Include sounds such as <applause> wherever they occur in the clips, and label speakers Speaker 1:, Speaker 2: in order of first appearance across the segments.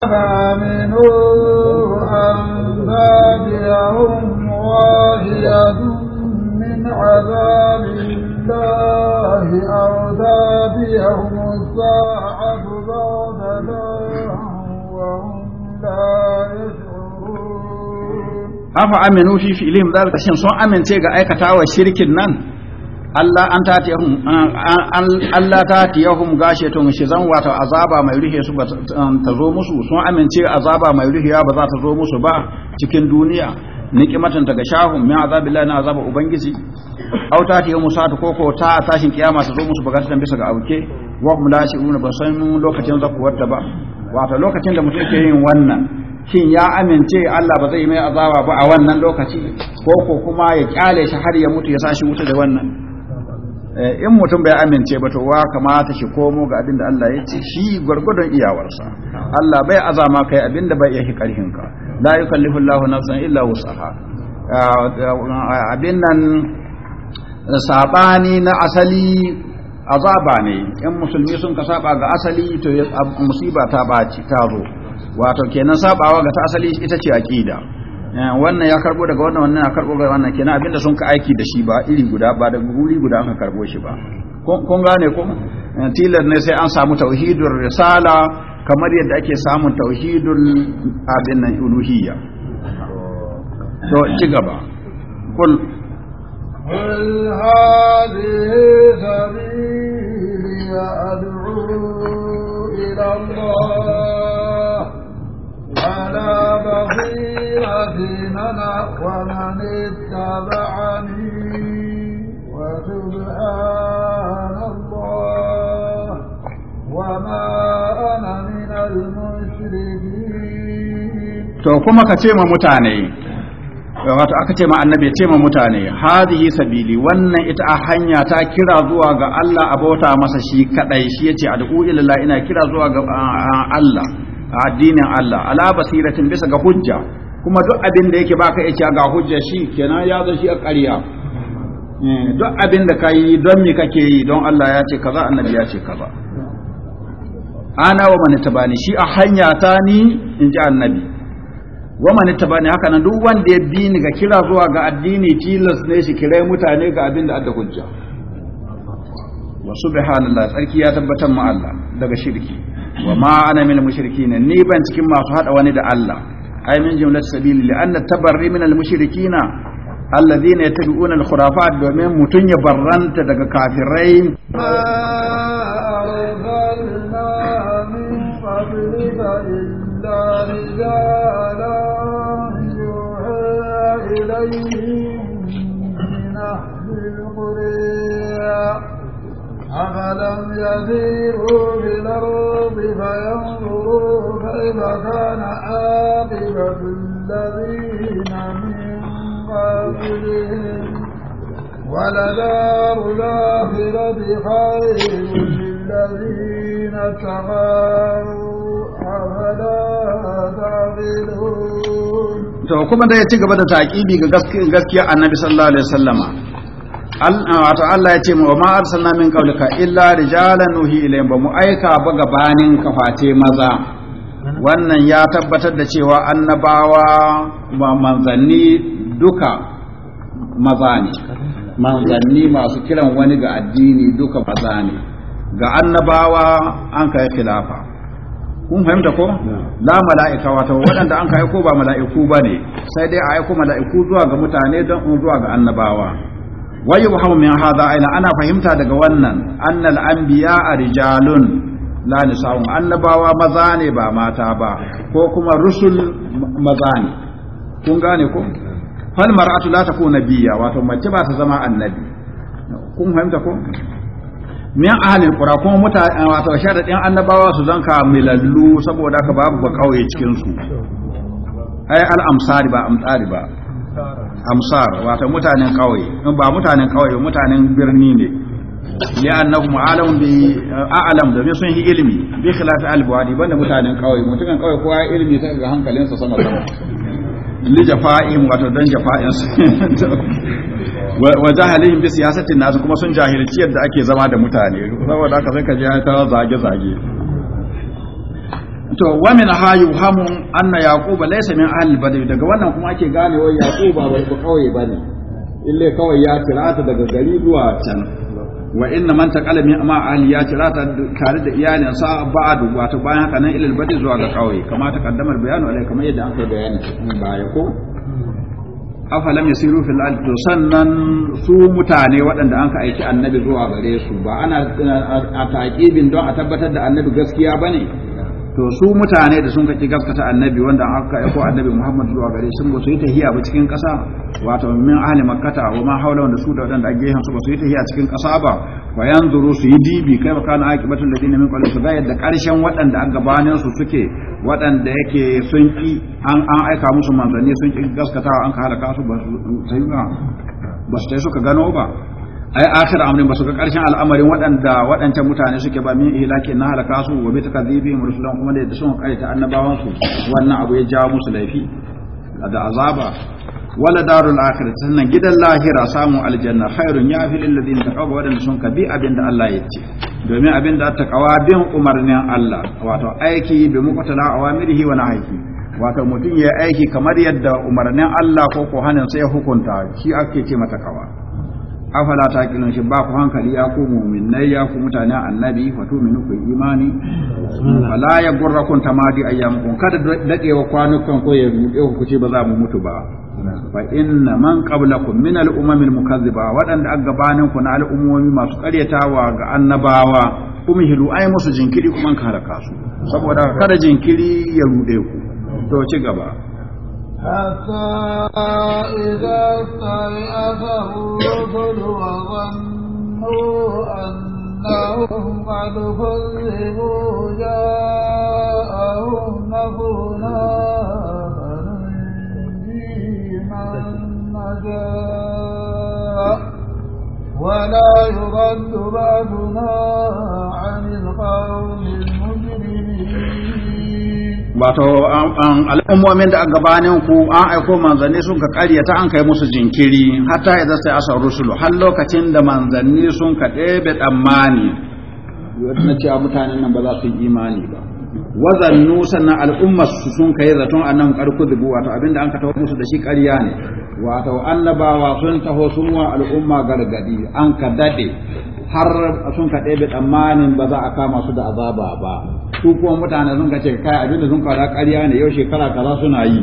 Speaker 1: فآمنوا أن تأتيهم واهية من عذاب الله أو تأتيهم الساعة بغتة وهم لا يشعرون
Speaker 2: أفأمنوا في فعلهم ذلك شيء سوء أمن تيغا أيكتا وشرك النان Allah an tatiyahum Allah tatiyahum gashetun zan wato azaba mai rihe su ba um, ta zo musu sun amince azaba mai rihiya ba za ta zo musu ba cikin duniya nikimatan daga shahun min azabillahi na azaba ubangiji aw sa sa'atu koko ta tashin kiyama ta zo musu ba ga tan bisa ga auke wa kuma la mun ba san lokacin zakuwarta ba wato lokacin da mutum ke yin wannan shin ya amince Allah ba zai mai azaba ba a wannan lokaci ko ko kuma ya kyale shi har ya mutu ya sa shi wuta da wannan Eh, in mutum bai amince ba to wa kamata shi komo ga abin da Allah ya ce shi gwargwadon iyawarsa Allah bai azama kai abin da bai yi karhin ka la yukallifu Allahu nafsan illa wusaha eh, abin nan sabani na asali azaba ne in musulmi sun ka saba ga asali to musiba ta baci ta zo wato kenan sabawa ga ta asali ita ce aqida Eh, wannan ya karbo daga wannan wannan ya karbo daga wannan kenan abinda sun ka aiki da shi ba iri guda ba da guri guda aka karbo shi ba kun gane ku? Eh, tilar ne sai an samu tauhidur risala kamar yadda ake samun tauhidul abin nan uluhiyya to ci gaba kul قل
Speaker 1: هذه سبيلي أدعو إلى الله ولا بصيرة من ومن اتبعني وسبحان الله وما أنا من المشركين
Speaker 2: to kuma ka ce ma mutane wato aka ce ma annabi ce ma mutane hadihi sabili wannan ita a hanya ta kira zuwa ga Allah abota masa shi kadai shi yace ad'u ila ina kira zuwa ga Allah A addinin Allah ala basiratin bisa ga hujja kuma duk abin da yake baka yace ga hujja shi kenan ya zo shi a ƙarya eh, duk abin da kai don me kake yi don Allah ya ce kaza annabi ya ce kaza ana wa man tabani shi a hanya ta ni in ji annabi wa man tabani haka nan duk wanda ya bi ni ga kira zuwa ga addini tilas ne shi kirai mutane ga abin da adda hujja wa subhanallah tsarki ya tabbatar ma Allah daga shirki wa ma ana min mushrikina ni ban cikin masu hada wani da Allah ai min jumlat sabili li anna tabarri allah mushrikin alladhina yattabi'una al-khurafat domin mutun ya barranta daga kafirai
Speaker 1: إلا رجالا يوحى أفلم يسيروا في الأرض فينظروا كيف كان عاقبة الذين من قبلهم ولدار الآخرة خير للذين اتقوا أفلا
Speaker 2: تعقلون. To kuma da ya ci gaba da taƙibi ga gaskiyar annabi sallallahu alaihi wasallama wato Allah ya ce wa ma arsalna min qablika illa rijalan nuhi ilayhim ba mu aika ba gabanin kafate maza wannan ya tabbatar da cewa annabawa ba manzanni duka maza ne manzanni masu kiran wani ga addini duka maza ne ga annabawa an kai khilafa kun fahimta ko la mala'ika wato waɗanda an kai ko ba mala'iku bane sai dai a aiko mala'iku zuwa ga mutane don zuwa ga annabawa wayu muhammad min hada aina ana fahimta daga wannan annal anbiya rijalun la nisa'un annabawa maza ne ba mata ba ko kuma rusul maza ne kun gane ko fal mar'atu la taku nabiyya wato mace ba ta zama annabi kun fahimta ko min ahalin qura kuma mutane wato sharadin annabawa su zanka milallu saboda ka babu ba kauye cikin su ai al amsari ba amsari ba amsar wato mutanen kauye ba mutanen kauye mutanen birni ne annahu alam bi a'lam da sun yi ilimi bi khilaf al-buadi banda mutanen kauye mutanen kauye kowa ya ilimi sai ga hankalinsa sama sama li jafa'im wato dan jafa'in su <laughs> wa jahilin bi siyasatin nasu kuma sun jahilci yadda ake zama da mutane saboda haka sai ka je ta zage zage to wa min ha yuhamu anna yaquba laysa min ahli badr daga wannan kuma ake gane wa yaquba bai ba kawai bane ille kawai ya tirata daga gari zuwa can wa inna man taqala min ma ahli ya tirata tare da iyalin sa ba'adu wato bayan haka nan ilal badr zuwa ga kawai kama ta kaddamar bayanu alai kamar yadda aka bayani ba baya ko afalam yasiru fil ard to sannan su mutane waɗanda an ka aiki annabi zuwa gare su ba ana a taqibin don a tabbatar da annabi gaskiya bane to su mutane da sun kaki gaskata annabi wanda aka ko annabi Muhammad zuwa gare sun ba su yi tahiya ba cikin ƙasa wato min ahli makkata wa ma haula wanda su da wadanda a gehen su ba su yi tahiya cikin ƙasa ba wa yanzuru su yi dibi kai ba kana akibatul ladina min qalu su ga yadda ƙarshen waɗanda a gabanin su suke waɗanda yake sun ki an an aika musu manzanni sun ki gaskata an ka halaka su ba su ba su suka gano ba ai akhir amrin ba su ga karshen al'amarin waɗanda waɗancan mutane suke ba min ilaki na halaka su wa bi takadhibihim rusulan kuma da sun kaita annabawan su wannan abu ya jawo musu laifi da azaba wala darul akhirah sannan gidan lahira samu aljanna khairun ya fi lil ladina taqaw wadanda sun kabi abinda Allah ya ce domin abinda ta kawa bin umarnin Allah wato aiki bi muqtala awamirihi wa nahyi wato mutum ya aiki kamar yadda umarnin Allah ko ko hanin sai ya hukunta shi ake ce mata kawa afala ta kilon shi ba ku hankali ya ku mu'minai ya ku mutane annabi fa tu'minu ku imani Wala ya gurrakun tamadi kun kada dadewa kwanukan ko ya rude ku ce ba za mu mutu ba fa inna man qablakum min al-umam al-mukazziba dan da gabanin ku na al'ummomi masu karyatawa ga annabawa kuma hidu ai musu jinkiri kuma kan halaka su saboda kada jinkiri ya rude ku to ci gaba
Speaker 1: حتى إذا استيأس الرسل وظنوا أنهم قد كذبوا جاءهم نصرنا فننجي من نشاء ولا يرد بعدنا عن القوم
Speaker 2: wato al'ummomin da a gabanin ku an aiko manzanni sun ka karyata an kai musu jinkiri hatta idan sai asar rusulu har lokacin da manzanni sun ka ɗebe tsammani na cewa mutanen nan ba za su yi imani ba wazannu sannan al'ummar su sun kai zaton nan karku dubu wato abinda an ka taho musu da shi ƙarya ne wato annabawa sun taho sun wa al'umma gargadi an ka dade har sun ka ɗebe tsammanin ba za a kama su da azaba ba su kuma mutane sun ka ce kai abinda sun kawo ƙarya ne yau shekara kaza suna yi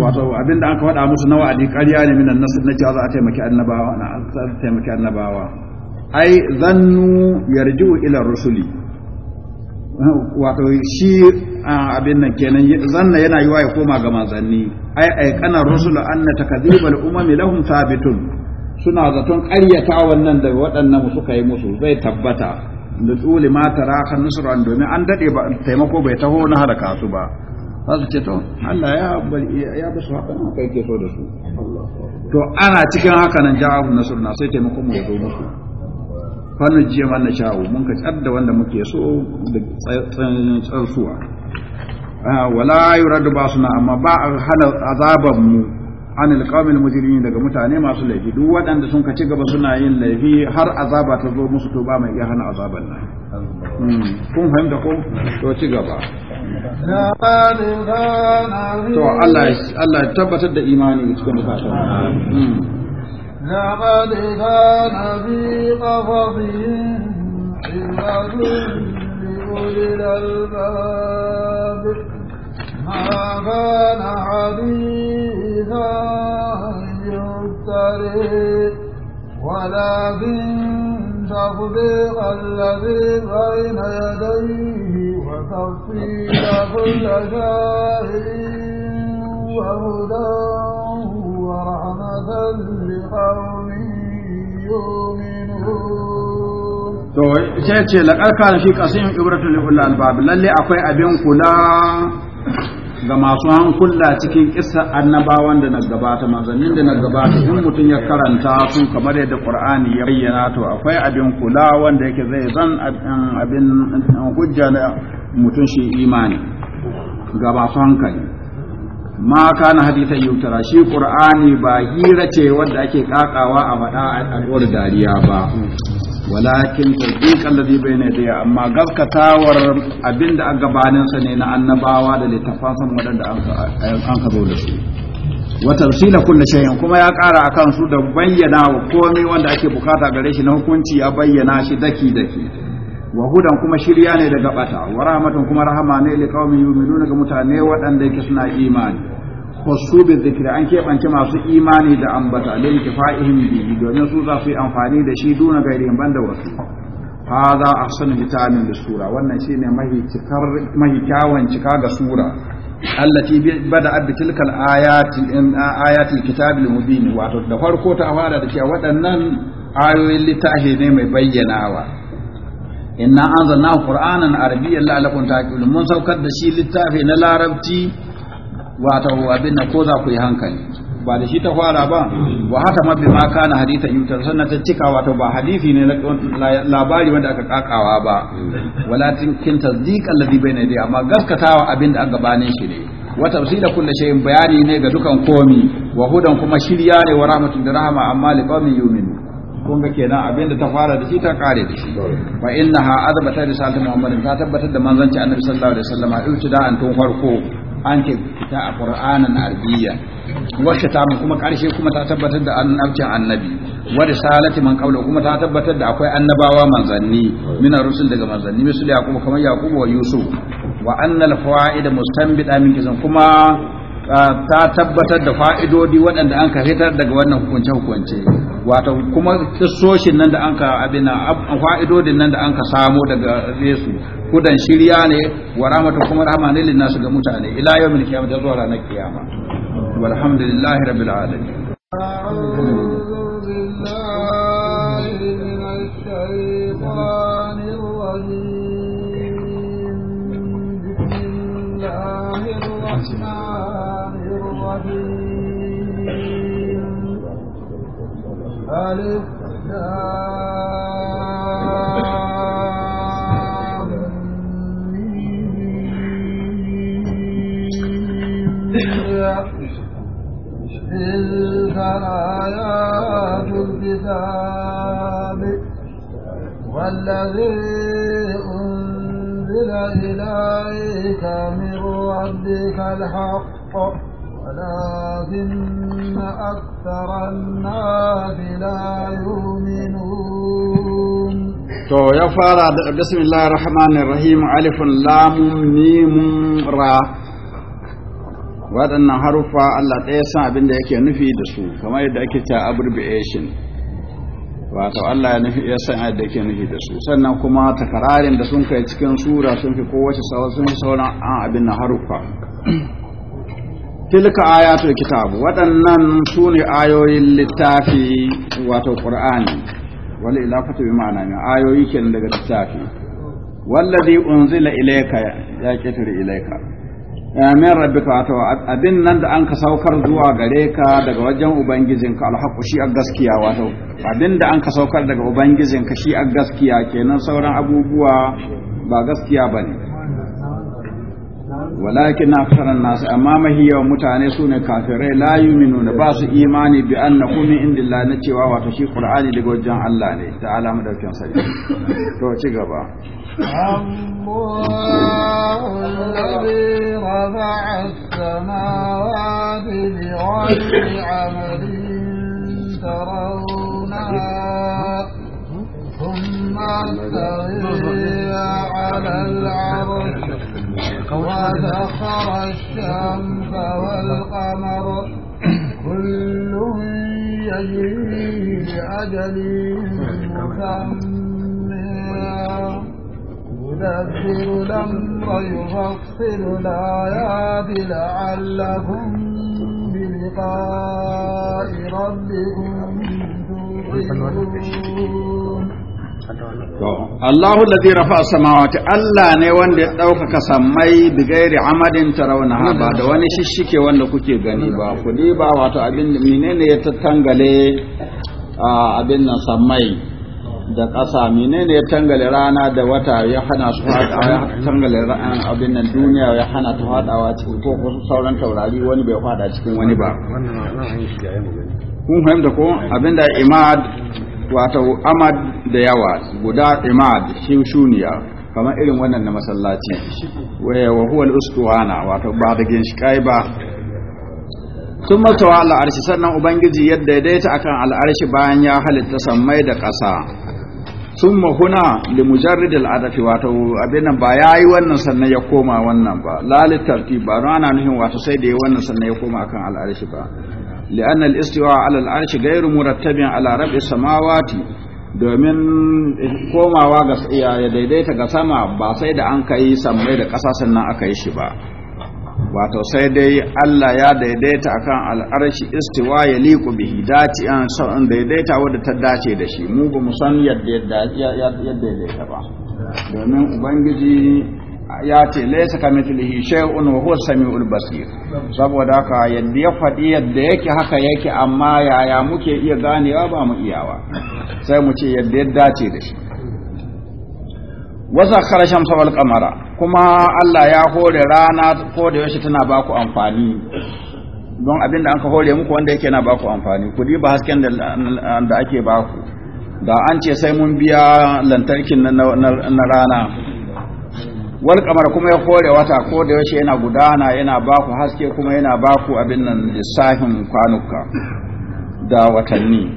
Speaker 2: wato abinda an ka faɗa musu na wa'adi ƙarya ne minan nasu na cewa za a taimaki annabawa na za a taimaki annabawa ai zannu yarji'u ila rusuli wato shi abin nan kenan zanna yana wa ya koma ga manzanni ai ai kana rusulu Annata, takdhibal umami lahum thabitun suna zaton ƙaryata wannan da waɗannan suka yi musu zai tabbata da tsuli ma ta raka nusran domin an daɗe ba taimako bai taho na haraka su ba za su ce to Allah ya ya ba su haka kai ke so da su to ana cikin haka nan ja'u na sai taimako mu zo musu fannu jiya man na sha'u mun ka tsar da wanda muke so da tsarsuwa ah, wala yuradu suna amma ba a hana azaban mu an alqamil mujrimin daga mutane masu laifi duk waɗanda sun ka ci gaba suna yin laifi har azaba ta zo musu to ba mai iya hana azaban nan hmm. kun fahimta ko to ci gaba
Speaker 1: to Allah
Speaker 2: Allah ya tabbatar da imani cikin zukatan لقد
Speaker 1: كان في قفصهم عبرة لأولي الألباب ما كان حديث شيء ولكن تصديق الذي بين يديه وتفصيل كل شيء وهدى ورحمة لقوم يؤمنون
Speaker 2: to sai ce laƙarƙa shi ƙasin ibratun lihul albab lalle akwai abin kula ga masu hankula cikin kisa, annabawan da na gabata manzannin da na gabata in mutum ya karanta su kamar yadda qur'ani ya bayyana to akwai abin kula wanda yake zai zan abin hujja na mutum shi imani ga masu hankali ma kana hadita yutara shi qur'ani ba hira ce wadda ake kakawa a faɗa a dariya ba walakin tasdiqan ladhi bayna yadayhi amma gaskatawar abinda a gabanin sa ne na annabawa da littafansa wadanda an ka zo da su wa tafsila kulli shay'in kuma ya ƙara akan su da bayyana wa komai wanda ake bukata gare shi na hukunci ya bayyana shi daki daki wa hudan kuma shirya ne daga bata wa rahmatun kuma rahama ne li qaumin yu'minuna ga mutane waɗanda yake suna imani wasu bi zikri an keɓance masu imani da ambata lil kifa'ihim bihi domin su za su yi amfani da shi duna gairi ban da wasu hadha ahsanu bitamin da sura wannan shine mahi cikar mahi kyawun cika ga sura allati bada bi tilkal ayati in ayatil kitabil mubin wato da farko ta fara da cewa waɗannan ayoyin littafi ne mai bayyanawa inna anzalna qur'anan arabiyyan la'allakum taqilun mun saukar da shi littafi na larabci wato abin nan ko za ku yi hankali ba da shi ta fara ba wa haka mabbi ma kana hadisa yutar sannan ta cika wato ba hadisi ne labari wanda aka kakawa ba walakin kin tasdiq alladhi bayna yadayhi amma gaskatawa abin da aka gabanin shi ne wa tafsila kulli shay'in bayani ne ga dukan komi wa hudan kuma shirya ne wa rahmatun da rahama amma li qaumin yu'minu kun ga kenan abin da ta fara da shi ta kare da shi fa innaha azbata risalatu muhammadin ta tabbatar da manzanci annabi sallallahu alaihi wasallam ibtida'an tun farko an ce ta na arbiya, wa shitamu kuma karshe kuma ta tabbatar da annabcin annabi wa salati man qabla kuma ta tabbatar da akwai annabawa manzanni min rusul daga manzanni misali yaqub kamar yaqub wa yusuf wa annal fawaid mustanbita min kisan kuma ta tabbatar da fa'idodi waɗanda an ka fitar daga wannan hukunce-hukunce Wata kuma kissoshin nan da an ka abina fa'idodin nan da an ka samo daga yesu kudan shirya ne wa rahmatu kuma rahama ne su ga mutane ila yau mil kiyama da zuwa ranar kiyama walhamdulillahi rabbil alamin
Speaker 1: الرحيم ألف تلك آيات الكتاب والذي أنزل إليك من ربك الحق ولكن أكثر الناس لا يؤمنون
Speaker 2: ya fara da bismillahir rahmanir rahim alifun waɗannan harufa Allah ɗaya san abin da yake nufi da su kamar yadda ake ta abbreviation wato Allah ya san yadda yake nufi da su sannan kuma takararin da sun kai cikin sura sun fi kowace sauran ah, abin na harufa tilka ayatul kitabu waɗannan su ne ayoyin littafi wato qur'ani wani ilafatu bi ma'ana ne ayoyi kenan daga littafi wallazi unzila ilayka ya kitri ilayka min rabbika wato abin nan da an ka saukar zuwa gare ka daga wajen ubangijin ka alhaqu shi a gaskiya wato abin da an ka saukar daga ubangijin ka shi a gaskiya kenan sauran abubuwa ba gaskiya bane walakin aksar nasu amma mahi yawan mutane su ne kafirai la yu'minuna ba su imani bi annakum min indillah na cewa wato shi qur'ani daga wajen Allah ne ta'ala mu daukin sai to ci gaba
Speaker 1: الذي رفع السماوات بغير عمل ترونها
Speaker 2: ثم استوي على العرش وسخر الشمس والقمر
Speaker 1: كل يجري لأجل مسمى يدبر الأمر يفصل الآيات لعلكم بلقاء
Speaker 3: ربكم توقنون
Speaker 2: Allahu da ladhi rafa'a samawati Allah ne wanda ya ɗaukaka sammai da gairi amadin tarawna ba da wani shishike wanda kuke gani ba ku ba wato abin da menene ya tattangale abin nan sammai da ƙasa menene ya tangale rana da wata ya hana su faɗawa ya tangale abin nan duniya ya hana ta faɗawa cikin ko sauran taurari wani bai faɗa cikin wani ba kun fahimta ko abin da imad wato amad da yawa guda imad shuniya kamar irin wannan na masallaci wa huwa al-ustuwana wato ba da ginshikai ba sun matawa al'arshi sannan ubangiji yadda ya daita akan al'arshi bayan ya halitta sammai da ƙasa sun mahuna da mujarridin adafi wato abin nan ba ya yi wannan sannan ya koma wannan ba lalitarki ba ana nuhin wato sai da ya wannan sannan ya koma akan al'arshi ba li'anna al-istiwa ala al-arshi ghayru murattabin ala domin komawa ga ya daidaita ga sama ba sai da an kai samai da ƙasa sannan aka yi shi ba wato sai dai Allah ya daidaita akan al'arshi istiwa ya liku bihi dace an san daidaita wadda ta dace da shi mu ba mu san yadda ya daidaita ba domin ubangiji ya ce laisa kamithlihi shay'un wa huwa samiul basir saboda haka yadda ya faɗi yadda yake haka yake amma yaya muke iya ganewa ba mu iya iyawa sai mu ce yadda ya dace da shi wasa kara shamsa wal kamara kuma Allah ya hore rana ko da yaushe tana ba ku amfani don abin an ka hore muku wanda yake na ba ku amfani ku ba hasken da ake ba ku da an ce sai mun biya lantarkin na rana wal kamar kuma ya kore wata ko da yaushe yana gudana yana baku haske kuma yana baku abin nan lissafin kwanuka da watanni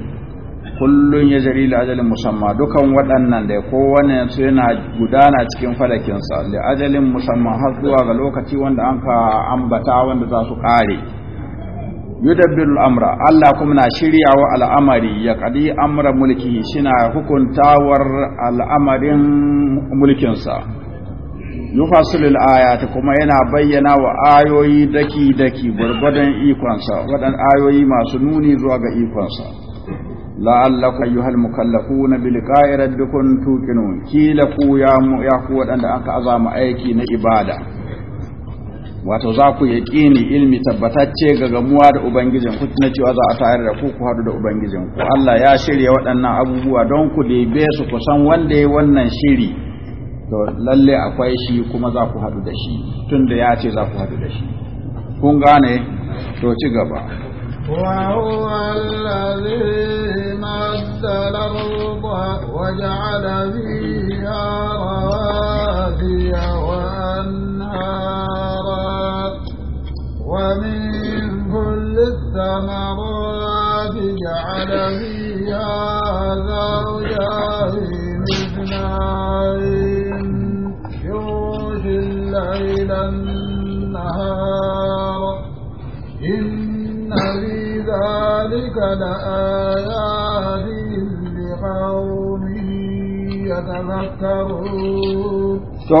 Speaker 2: kullun ya jari ajalin musamman dukan waɗannan da kowane su yana gudana cikin falakinsa da ajalin musamman har zuwa ga lokaci wanda an ka ambata wanda za su kare yudabbiru al'amra Allah kuma na shirya wa al'amari ya kadi amra mulki shina hukuntawar al'amarin mulkinsa yufasilil ayata kuma yana bayyana wa ayoyi daki-daki gwargwadon ikonsa waɗan ayoyi masu nuni zuwa ga ikonsa la'allaku ayyuhal mukallafu na bilika'i dukkan tukinu kila ku ya ku waɗanda aka azama aiki na ibada wato za ku yaƙini ilmi tabbatacce ga gamuwa da ubangijin ku na cewa za a tayar da ku ku haɗu da ubangijin ku Allah ya shirya waɗannan abubuwa don ku debe su ku san wanda ya wannan shiri to lalle akwai shi kuma za ku haɗu da shi tun da ya ce za ku haɗu da shi kun gane to ci gaba
Speaker 1: وهو الذي مد الأرض وجعل فيها رواسي وأنهارا ومن كل الليل النهار إن في ذلك لآيات لقوم يتذكرون
Speaker 2: So, uh,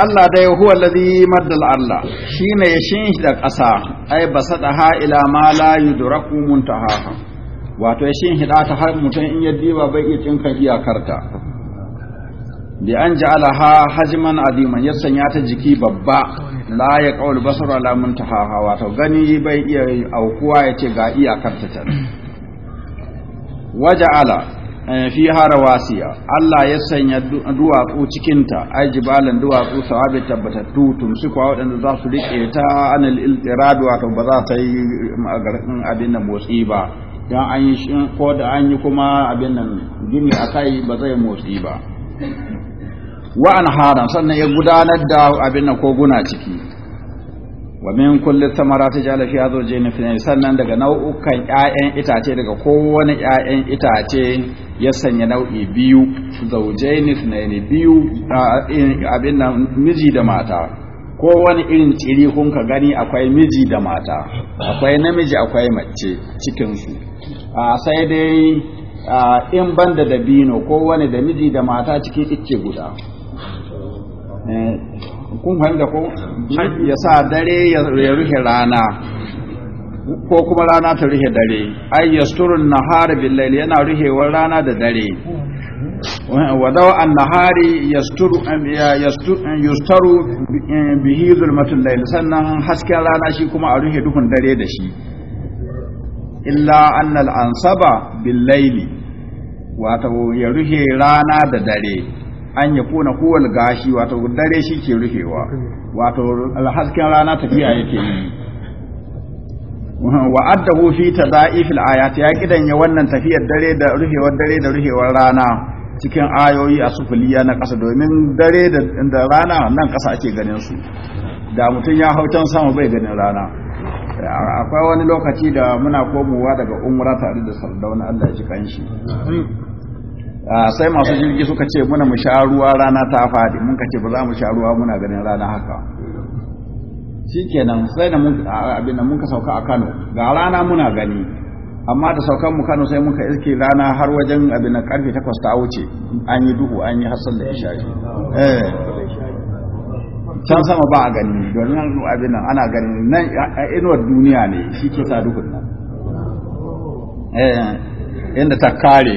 Speaker 2: Allah dai huwa alladhi maddal Allah Shi ne ya shinshi da ƙasa ai ba basadaha ila ma la yudraku muntahaha wato ya shinshi da ta har mutum in ya diba bai iya cinkan iyakarta bi an ja'alaha hajman aziman ya sanya ta jiki babba la ya qawl basar ala muntaha wato gani bai iya aukuwa yace ga iyakar ta tan waja'ala eh, fi harawasiya Allah ya sanya duwatsu cikin ta ai jibalan duwatsu sawabi tabbatattu kwa waɗanda za su rike ta anil iltirad wato ba za ta yi abin nan motsi ba dan an yi ko da an yi kuma abin nan gini akai ba zai motsi ba wa anharan sannan ya gudanar da abin nan koguna ciki wa min kulli thamarati ja'ala fiha zawjayn fi sannan daga nau'ukan ƴaƴan itace daga kowane ƴaƴan itace ya sanya nau'i biyu zawjayn ithnayn biyu abin nan miji da mata kowane irin tsiri kun ka gani akwai miji da mata akwai namiji akwai mace cikin su sai dai in banda dabino kowane da miji da mata cikin ikke guda Eh, kun fahimta ko ya sa dare ya rufe rana ko kuma rana ta rufe dare ai yasturun nahar bil layl yana rufewar rana da dare wadau an nahari yasturu yastaru bihi zulmatul layl sannan hasken rana shi kuma a rufe duhun dare da shi illa annal ansaba bil wato ya rufe rana da dare an ya kuna gashi wato dare shi ke rufewa wato alhasken rana tafiya yake yi wa addahu fi tadaifil ayati ya kidanya wannan tafiyar dare da rufewar dare da rufewar rana cikin ayoyi a sufuliya na ƙasa domin dare da rana nan kasa ake ganin su da mutum ya hau can sama bai ganin rana akwai wani lokaci da muna komowa daga umra tare da sardauna Allah ya ji kanshi Ah, sai masu jirgi suka ce muna mu sha ruwa rana ta faɗi mun ka ce ba za mu sha ruwa muna ganin rana haka shikenan sai da mun ah, abin mun ka sauka a Kano ga rana muna gani amma da saukan mu Kano sai muka iske rana har wajen abin karfe 8 ta wuce an yi duhu an yi hassan da isha eh can sama ba a gani domin abin nan ana ganin nan inuwar duniya ne shi ke sa duhun nan eh inda ta kare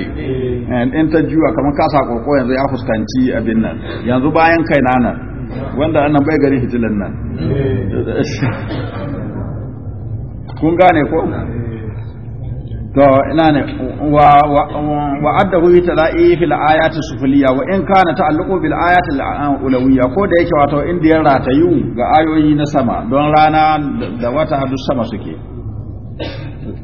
Speaker 2: in ta juwa kamar kasa koko yanzu ya fuskanci abin nan yanzu bayan kai na nan wanda annan bai gari hijilin nan kun gane ko to ina ne wa wa addahu tala'i fil ayati sufliya wa in kana ta'alluqu bil ayati al ulawiyya ko da yake wato inda ya ratayu ga ayoyi na sama don rana da wata duk sama suke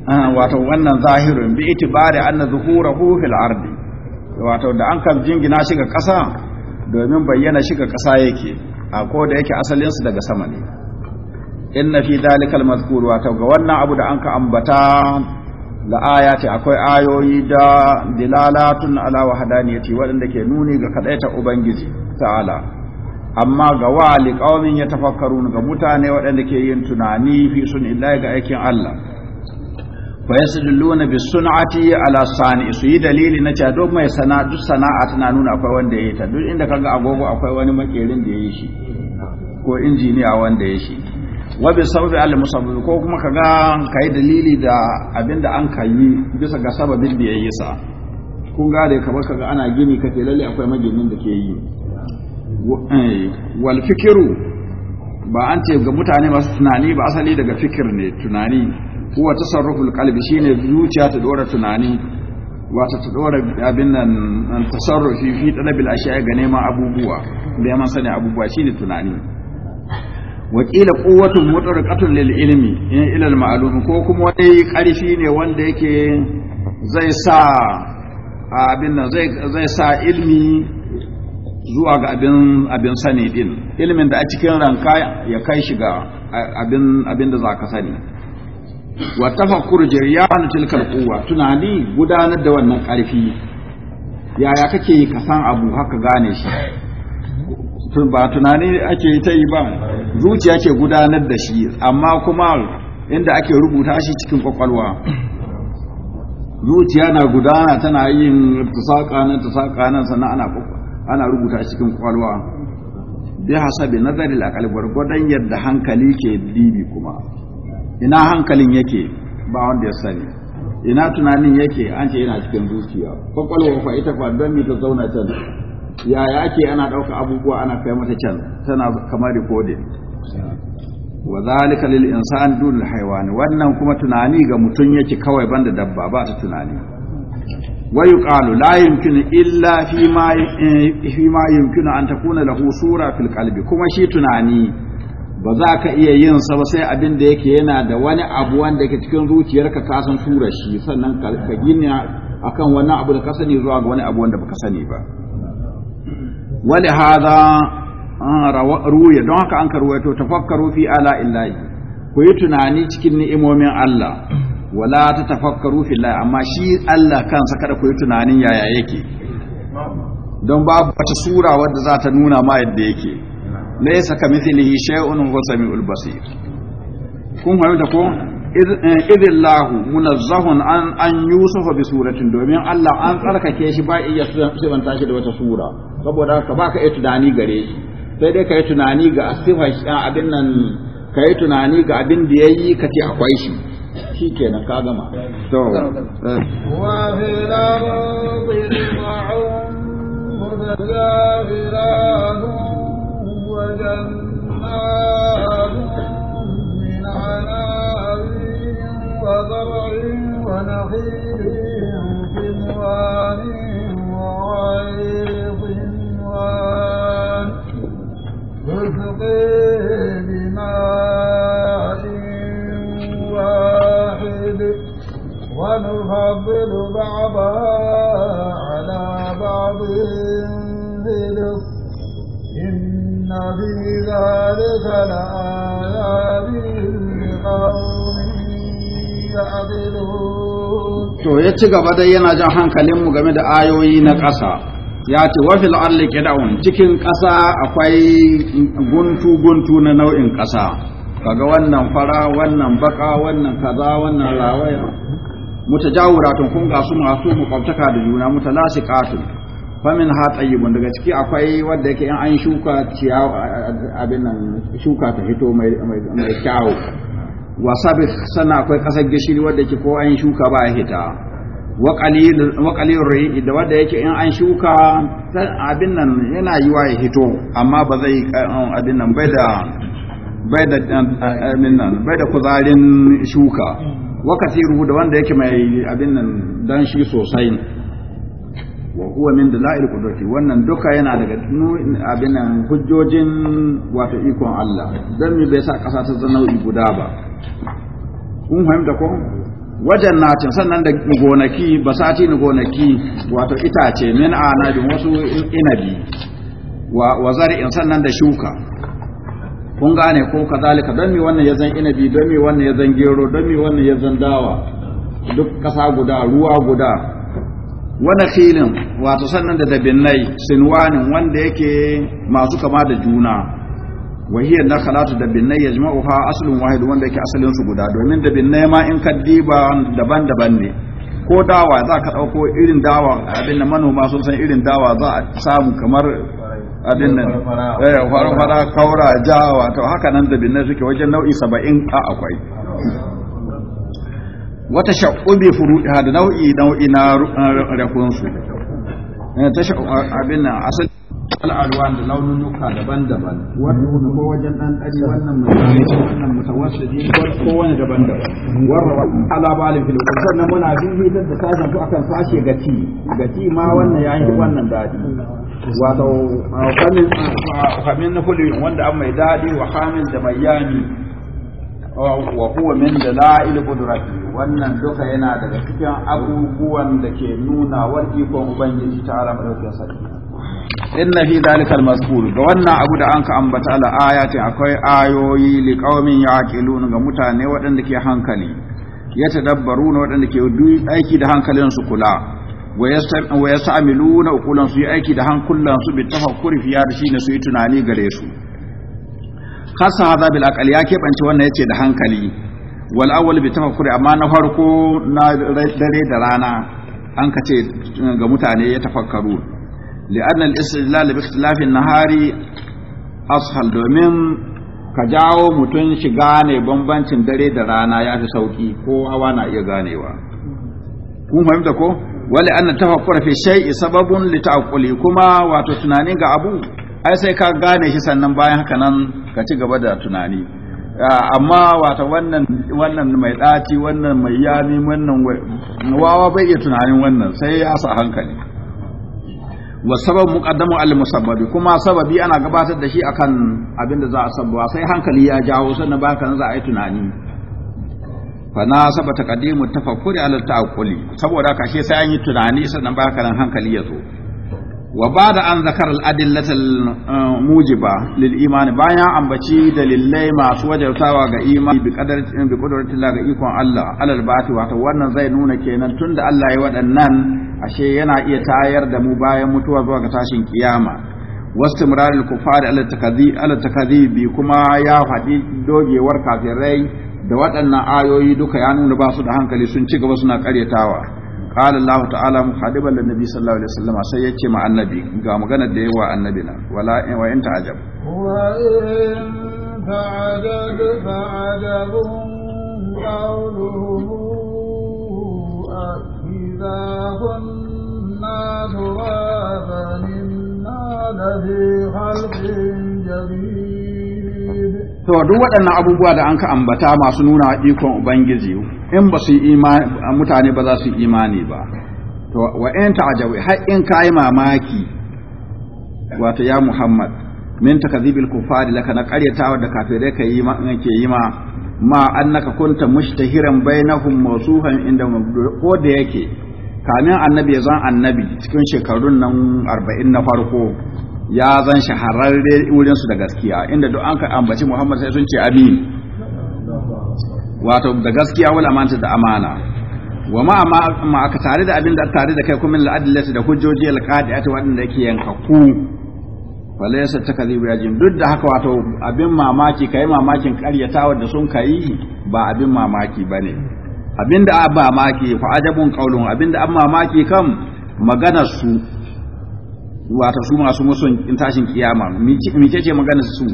Speaker 2: Ah, wato wannan zahirin bi itibari anna zuhurahu fil ardi wato da an kan jingina shi ga kasa domin bayyana shi ga ƙasa yake a ko da yake asalin su daga sama ne inna fi zalikal mazkur wato ga wannan abu da an ka ambata la ayati akwai ayoyi da dilalatun ala wahdaniyati waɗanda ke nuni ga kadaita ubangiji ta'ala amma ga wa liƙaumin ya tafakkaru ga mutane waɗanda ke yin tunani fi sun ga aikin Allah fa yasduluna bis sun'ati ala sani su yi dalili na cewa duk mai sana duk sana'a tana nuna akwai wanda ya yi ta duk inda kaga agogo akwai wani makerin da ya yi shi ko injiniya wanda ya shi wa bi sababi al musabbib ko kuma kaga kai dalili da abinda an kayi bisa ga sababin da yi sa kun gare kamar kaga ana gini kace lalle akwai maginin da ke yi eh, wal fikiru ba an ce ga mutane masu tunani ba asali daga fikir ne tunani huwa tasarruful qalbi shine zuciya ta dora tunani wato ta dora abin nan tasarrufi fi talabil ashiya ga neman abubuwa da ya sani abubuwa shine tunani wakila quwwatun mutarqatun lil ilmi eh, ila al ma'lum ko kuma wani karfi ne wanda yake zai sa abin nan zai zai sa ilmi zuwa ga abin abin sani din ilmin da a cikin ranka ya kai shi ga abin abin da zaka sani wa tafakkur jiryan tilkal quwwa tunani gudanar da wannan karfi yaya kake ka san abu haka gane shi tun ba tunani ake ta yi ba zuciya ke gudanar da shi amma kuma inda ake rubuta shi cikin kwakwalwa zuciya na gudana tana yin tusaka nan tusaka nan sannan ana ana rubuta shi cikin kwakwalwa bi hasabi nazari al-qalb gwargwadon yadda hankali ke dibi kuma ina hankalin yake ba wanda ya sani ina tunanin yake an ce yana cikin zuciya kwakwalwa fa ita fa don ta zauna can yaya ake ana ɗauka abubuwa ana kai mata can tana kamar rikodin wa zalika lil insan dun al haywan wannan kuma tunani ga mutun yake kawai banda dabba ba ta tunani wa yuqalu la yumkinu illa fi ma fi ma yumkinu an takuna lahu sura fil qalbi kuma shi tunani ba za ka iya yin sa ba sai abin da yake yana da wani abu wanda yake cikin zuciyarka ka san tura shi sannan ka gina akan wani abu da ka sani zuwa ga wani abu wanda baka sani ba Wani hada ah, ruya don haka an to tafakkaru fi ala illahi ku yi tunani cikin ni'imomin Allah wala ta tafakkaru fi Allah amma shi Allah kansa kada ku yi tunanin yaya yake don babu wata sura wadda za ta nuna ma yadda yake laysa kamithlihi shay'un wa samiul basir kun fahimta ko lahu munazzahun an an yusufa bi suratin domin Allah an tsarkake shi ba iya sifanta shi da wata sura saboda ka baka yi tunani gare shi sai dai ka yi tunani ga sifa abin nan ka yi tunani ga abin da yayi ka ce akwai shi shi kenan ka gama to
Speaker 1: wa fil ardi وجنات من عناب وضرع ونخيل كنوان وغير صنوان تسقي بماء واحد ونفضل بعضها على بعض في في ذلك لآيات لقوم
Speaker 2: To ya ci gaba dai yana jan hankalinmu game da ayoyi na ƙasa, ya ce wafil arli da'un." cikin ƙasa akwai guntu-guntu na nau'in ƙasa, kaga wannan fara, wannan baka, wannan kaza, wannan rawaya, muta jawuratun kun gasu masu makwabtaka da juna, muta ƙasun. famin ha tsayibun daga ciki akwai wadda yake in an shuka ciyawa abin nan shuka ta hito mai kyawu wa sabi sana akwai kasar gishiri wadda ke ko an shuka ba ya hita wa qalilur ri'i da wadda yake in an shuka abin nan yana yiwa ya hito amma ba zai abin nan bai da bai da abin nan bai da kuzarin shuka wa kasiru da wanda yake mai abin nan danshi sosai wa huwa min dalail qudrati wannan duka yana daga abin hujjojin wato ikon Allah dan me bai sa kasa ta nau'i guda ba kun fahimta ko wajen natin sannan da gonaki basati ni gonaki wato itace min anabin wasu inabi wa wazari in sannan da shuka kun gane ko kazalika dan me wannan ya zan inabi dan me wannan ya zan gero dan me wannan ya zan dawa duk kasa guda ruwa guda wani filin wato sannan da dabinnai sinwanin wanda yake masu kama da juna wahiyar na kalatu dabinnai ya jima'u ha asalin wahidu wanda yake asalinsu guda domin dabinnai ma in ka diba daban-daban ne ko dawa za ka ɗauko irin dawa abin da manoma sun san irin dawa za a samu kamar
Speaker 3: abin nan eh, fara kaura
Speaker 2: jawa haka nan dabinnai suke wajen nau'i saba'in a akwai wata sha'ubi furu da nau'i nau'i na rakunsu eh, ta sha'ubi abin asali al'alwan da nuka daban-daban wani ko wajen dan ɗari wannan mutane wannan ne ko wani daban-daban warwa ala bali fil sannan muna bibi da tashin su akan sashe gaci gaci ma wannan ya yi wannan daɗi. wato kamin na kullu wanda an mai dadi wa hamil da bayani wa huwa min dalail qudrati wannan duka yana daga cikin abubuwan da ke nuna war ikon ubangiji ta ala madaukakin sarki inna fi dalikal mazkur da wannan abu da anka ambata ala ayati akwai ayoyi li qaumin yaqilun ga mutane waɗanda ke hankali ya tadabbaruna waɗanda ke aiki da hankalin su kula wa yasamiluna ukulan su yi aiki da hankulan su bi tafakkuri fi yarshi ne su yi tunani gare su khassa hada bil aqli ya keɓance wannan yace da hankali wal awwal bi tafakkuri amma na farko na dare da rana an ka ga mutane ya tafakkaru anna al-istidlal bi ikhtilafin nahari ashal domin ka jawo mutum shi gane bambancin dare da rana ya fi sauki ko hawa na iya ganewa kun fahimta ko wali an tafakkura fi shay'i sababun li ta'qquli kuma wato tunani ga abu ai sai ka gane shi sannan bayan haka nan ka ci gaba da tunani Ah, amma wata wannan wannan mai ɗaci wannan mai yami wannan wawa bai iya tunanin wannan sai ya sa hankali wa sabab muqaddamu al musabbabi kuma sababi ana gabatar da shi akan abin da za a sabba sai hankali ya jawo sannan baka za a yi tunani fa na sabata qadimu tafakkuri al ta'aqquli saboda kashe sai an yi tunani sannan baka nan hankali ya zo wa ba da an zakar al'adillatul mujiba lil imani bayan ambaci dalilai masu wajartawa ga imani bi kadarcin bi ga ikon Allah alal wata wannan zai nuna kenan tunda Allah ya waɗannan ashe yana iya tayar da mu bayan mutuwa zuwa ga tashin kiyama wastimrarul kufari ala takadhi ala takadhibi kuma ya haɗi dogewar kafirai da waɗannan ayoyi duka ya nuna ba su da hankali sun ci gaba suna karyatawa. qala Allah ta'ala muhadiban lin nabi sallallahu alaihi wasallam sai yace ma annabi ga maganar da yawa annabi na wala in wa in ta'ajab
Speaker 1: wa in ta'ajab fa'adabun qawluhum
Speaker 2: to duk waɗannan abubuwa da an ka ambata masu nuna ikon ubangiji in ba su imani mutane ba za su imani ba to wa in ta'jabu har in kai mamaki wato ya muhammad min takazibil kufari laka na wa da kafirai ka yi ma ke yi ma ma annaka kunta mushtahiran bainahum mawsuhan inda ko da yake kamin annabi ya zan annabi cikin shekarun nan 40 na farko ya zan shahararre wurin su da gaskiya inda duk an ka ambaci Muhammad sai sun ce amin wato da gaskiya wal amanta da amana wa ma ma aka tare da abin da tare da kai kuma al'adillati da hujjoji al-qadi'ati wanda yake ku walaysa takdhibu ya jin duk da haka wato abin mamaki kai mamakin karyatawa da sun kai ba abin mamaki bane abinda abba mamaki fa ajabun qaulun abinda amma mamaki kam maganar su wato su masu in tashin kiyama mi ce magana su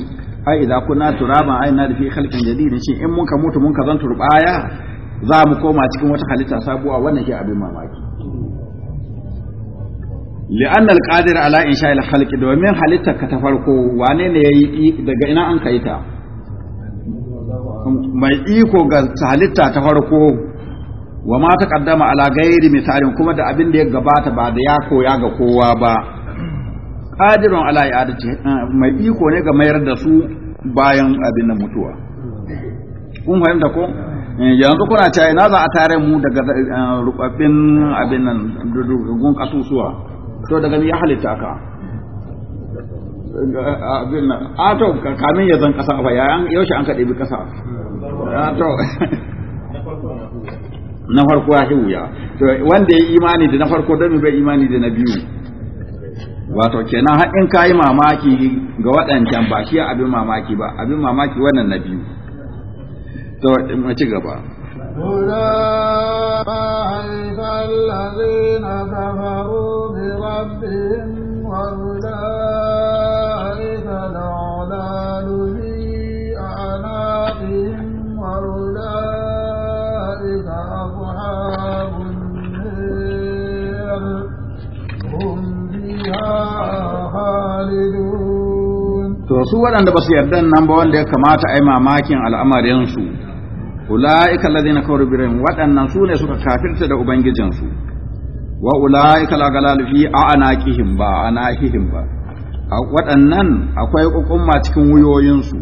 Speaker 2: ai idza kunna turaban ai na da fi khalqin jadid shi in mun ka mutu mun ka zan turbaya za mu koma cikin wata halitta sabuwa wannan ke abin mamaki li'an al-qadir ala insha al-khalqi domin halitta ka ta farko wane ne yayi daga ina an kai ta mai iko ga halitta ta farko wa ma ta taqaddama ala ghairi misalin kuma da abin da ya gabata ba da ya koya ga kowa ba qadirun ala i'adati eh, mai iko ne ga mayar da su bayan abin nan mutuwa kun fahimta ko eh, yanzu kuna cewa ina za a tare mu daga eh, rubabbin abin nan dudugun kasusuwa to daga ya halitta ka abin nan ato kamin ya zan kasa fa yaushe an ka ɗebi kasa ato <laughs> na farko ya wuya wanda ya imani da na farko don bai imani da na biyu wato kenan har in kayi mamaki ga waɗancan ba shi abin mamaki ba abin mamaki wannan na biyu to mu ci gaba su waɗanda ba su yarda nan ba wanda ya kamata a yi mamakin al'amarinsu ula'ika na kawar birahim waɗannan su ne suka kafirta da ubangijinsu wa ula'ika lagalal fi a'anaqihim ba anahihim ba waɗannan akwai ƙuƙumma cikin wuyoyinsu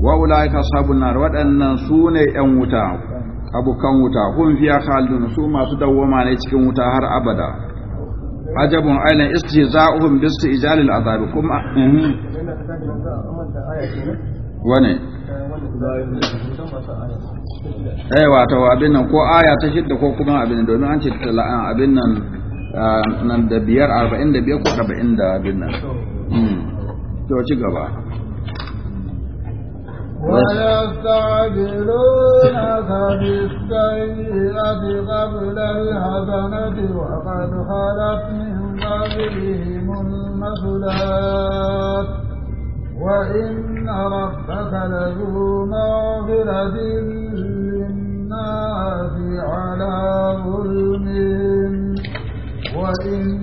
Speaker 2: wa ula'ika sabu nar waɗannan su ne ‘yan wuta abokan wuta hun fiya khalidun su masu dawwama ne cikin wuta har abada ajabun ailan istihza'uhum bi istijalil azabi kuma mhm. wane eh wato abin nan ko aya ta shidda ko kuma abin domin an ce tala'an abin nan ah, nan da biyar arba'in da biyar ko arba'in da abin nan hmm. to ci gaba
Speaker 1: ويستعجلونك قبل وقد خلت من قبلهم وإن ربك لذو مغفرة للناس على ظلمهم وإن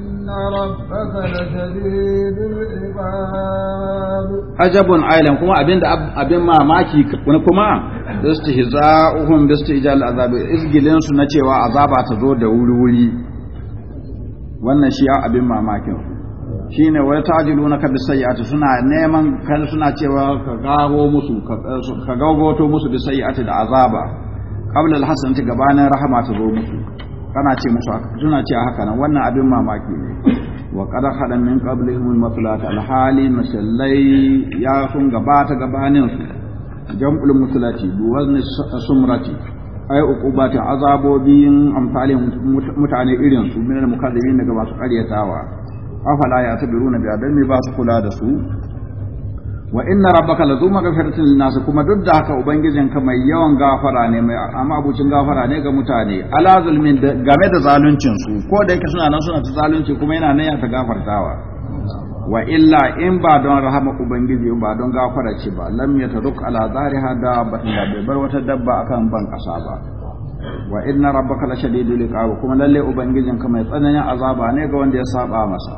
Speaker 1: ربك لشديد العقاب
Speaker 2: عجب عالم كما أبين أبين ما ماكي كما استهزاؤهم باستهزاء العذاب إذجلين سنة وعذابات زود ولولي wannan shi abin mamakin shine wai tajiluna ka bi sayyi'ati suna neman kan suna cewa ka gago musu ka gagoto musu bi sayyi'ati da azaba qabla alhassan hasan ta gabanin rahama ta zo musu kana ce musu suna ce haka nan wannan abin mamaki ne wa kada haɗin min qablihim mun maslat alhali, masallai ya sun gabata gabanin su jam'ul muslati buwar ne sumrati ay uqubati azabobin amfalin mutane irin su min al-mukazzibin daga masu karyatawa afala ya tabiruna bi adami ba su kula da su wa inna rabbaka la zuma lin nas kuma duk da haka ubangijin ka mai yawan gafara ne mai amma abucin gafara ne ga mutane ala zulmin game da zaluncin su ko da yake suna nan suna ta zalunci kuma yana nan ya ta gafartawa wa illa in ba don rahama ubangiji ba don gafara ce ba lam yataruk ala zariha da batin da bar wata dabba akan ban kasa ba wa inna rabbaka la shadidul iqab kuma lalle ubangijin ka mai tsananin azaba ne ga wanda ya saba masa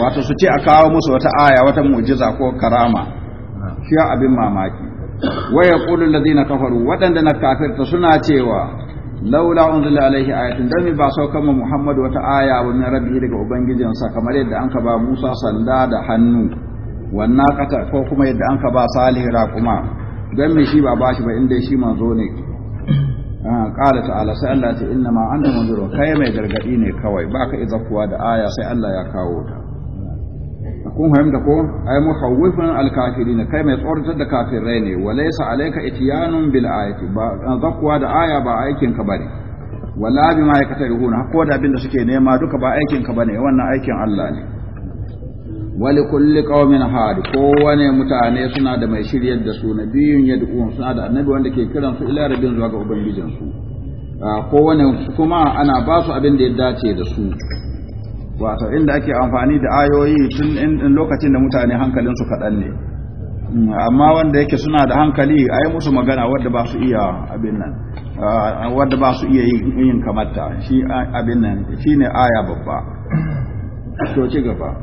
Speaker 2: wato su ce a kawo musu wata aya wata mu'jiza ko karama shi abin mamaki waya zai na kafaru wadanda na kafirta suna cewa laula unzila alaihi ayatun dan ba so mu Muhammad wata aya wa min rabbi daga ubangijinsa kamar yadda an ka ba Musa sanda da hannu wannan kata ko kuma yadda an ka ba Salih raquma dan me shi ba bashi ba inda shi manzo ne qala ah, ta'ala sai Allah ta inna ma anta munzir kai mai gargadi ne kawai baka izakuwa da aya sai Allah ya kawo ta kun fahimta ko ay mukhawwifan alkafirin kai mai tsoratar da kafirai ne walaysa alayka itiyanun bil ayati ba zakwa da aya ba aikin ka bane wala bi ma yaktarihuna ko da abin da suke nema duka ba aikin ka bane wannan aikin Allah ne wali kulli qaumin hadi kowane mutane suna da mai shiryar da su nabiyun yad'un suna da annabi wanda ke kiran su ila rabbin zuwa ga ubangijin su kowane kuma ana ba su abin da ya dace da su wato inda ake amfani da ayoyi tun lokacin da mutane hankalinsu kaɗan ne mm, amma wanda yake suna da hankali a yi musu magana wadda ba su iya abin nan wadda ba su iya yin kamata shi abin nan shi ne aya babba to ci gaba